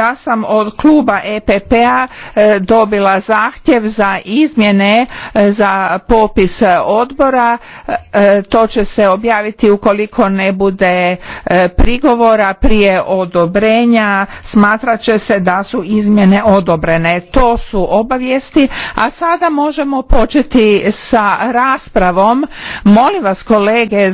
Ja sam od kluba EPP-a e, dobila zahtjev za izmjene e, za popis e, odbora. To će se objaviti ukoliko ne bude prigovora prije odobrenja. Smatrat će se da su izmjene odobrene. To su obavijesti. A sada možemo početi sa raspravom. Molim vas kolege